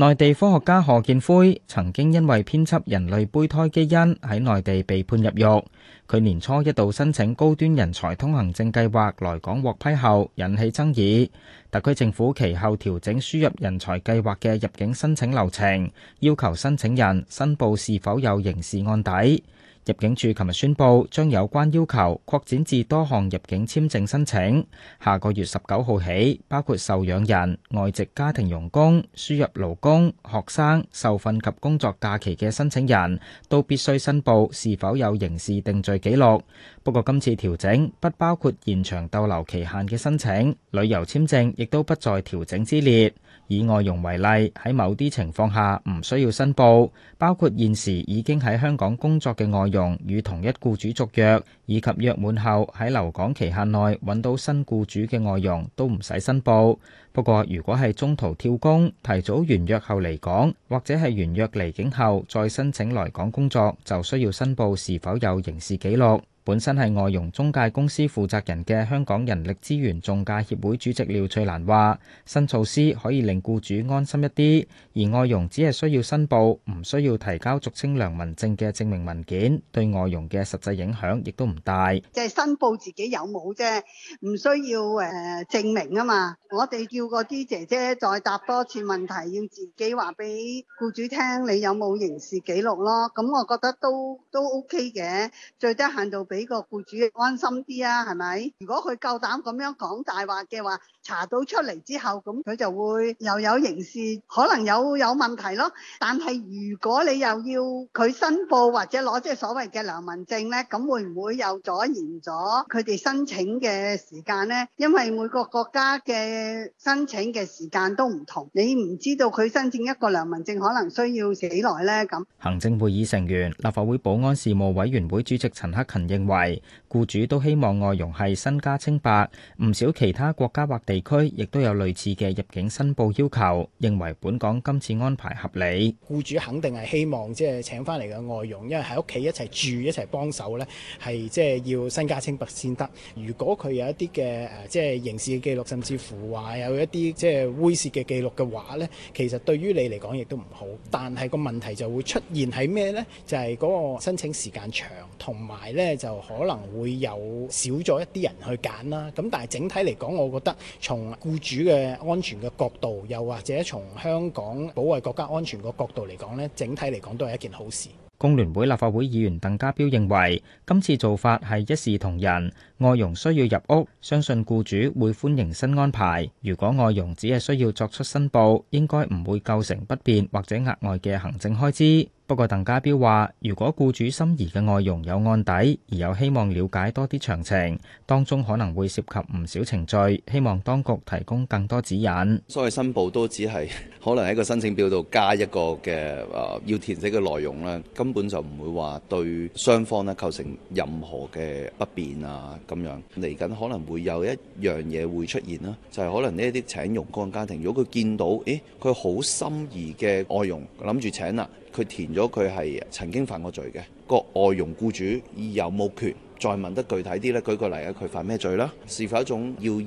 內地科學家何建輝曾經因為編輯人類胚胎基因喺內地被判入獄。佢年初一度申請高端人才通行證計劃來港獲批後，引起爭議。特區政府其後調整輸入人才計劃嘅入境申請流程，要求申請人申報是否有刑事案底。入境處琴日宣布，將有關要求擴展至多項入境簽證申請。下個月十九號起，包括受養人、外籍家庭傭工、輸入勞工、學生、受訓及工作假期嘅申請人，都必須申報是否有刑事定罪記錄。不過，今次調整不包括延長逗留期限嘅申請，旅遊簽證亦都不在調整之列。以外傭為例，喺某啲情況下唔需要申報，包括現時已經喺香港工作嘅外傭與同一僱主續約，以及約滿後喺留港期限內揾到新僱主嘅外傭都唔使申報。不過，如果係中途跳工、提早完約後離港，或者係完約離境後再申請來港工作，就需要申報是否有刑事記錄。本身係外傭中介公司負責人嘅香港人力資源仲介協會主席廖翠蘭話，新措施可以令雇主安心一啲，而外傭只係需要申報，唔需要提交俗稱良民證嘅證明文件，對外傭嘅實際影響亦都唔大。即係申報自己有冇啫，唔需要誒證明啊嘛。我哋叫嗰啲姐姐再答多次問題，要自己話俾雇主聽你有冇刑事記錄咯。咁我覺得都都 OK 嘅，最低限度俾。俾個僱主安心啲啊，係咪？如果佢夠膽咁樣講大話嘅話，查到出嚟之後，咁佢就會又有刑事，可能有有問題咯。但係如果你又要佢申報或者攞即係所謂嘅良民證咧，咁會唔會又阻延咗佢哋申請嘅時間咧？因為每個國家嘅申請嘅時間都唔同，你唔知道佢申請一個良民證可能需要幾耐咧。咁行政會議成員、立法會保安事務委員會主席陳克勤認認為僱主都希望外傭係身家清白，唔少其他國家或地區亦都有類似嘅入境申報要求。認為本港今次安排合理，僱主肯定係希望即係請翻嚟嘅外傭，因為喺屋企一齊住一齊幫手呢，係即係要身家清白先得。如果佢有一啲嘅誒即係刑事記錄，甚至乎話有一啲即係猥褻嘅記錄嘅話呢，其實對於你嚟講亦都唔好。但係個問題就會出現喺咩呢？就係嗰個申請時間長，同埋呢就。就可能會有少咗一啲人去揀啦，咁但係整體嚟講，我覺得從僱主嘅安全嘅角度，又或者從香港保衞國家安全嘅角度嚟講呢，整體嚟講都係一件好事。工聯會立法會議員鄧家彪認為，今次做法係一視同仁。外傭需要入屋，相信僱主會歡迎新安排。如果外傭只係需要作出申報，應該唔會構成不便或者額外嘅行政開支。不過鄧家彪話，如果僱主心儀嘅外傭有案底，而又希望了解多啲詳情，當中可能會涉及唔少程序，希望當局提供更多指引。所謂申報都只係可能喺個申請表度加一個嘅、呃、要填寫嘅內容啦，根本就唔會話對雙方咧構成任何嘅不便啊。咁樣嚟緊可能會有一樣嘢會出現啦，就係、是、可能呢一啲請傭工家庭，如果佢見到，誒，佢好心儀嘅外傭，諗住請啦，佢填咗佢係曾經犯過罪嘅，個外傭僱主有冇權再問得具體啲呢？舉個例啊，佢犯咩罪啦？是否一種要入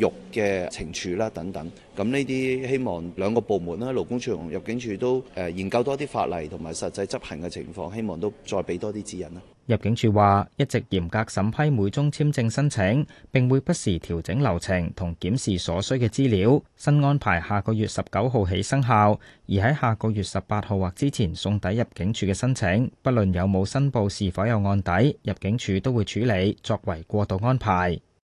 獄嘅懲處啦？等等，咁呢啲希望兩個部門啦，勞工處同入境處都誒研究多啲法例同埋實際執行嘅情況，希望都再俾多啲指引啦。入境處話，一直嚴格審批每宗簽證申請，並會不時調整流程同檢視所需嘅資料。新安排下個月十九號起生效，而喺下個月十八號或之前送抵入境處嘅申請，不論有冇申報是否有案底，入境處都會處理，作為過渡安排。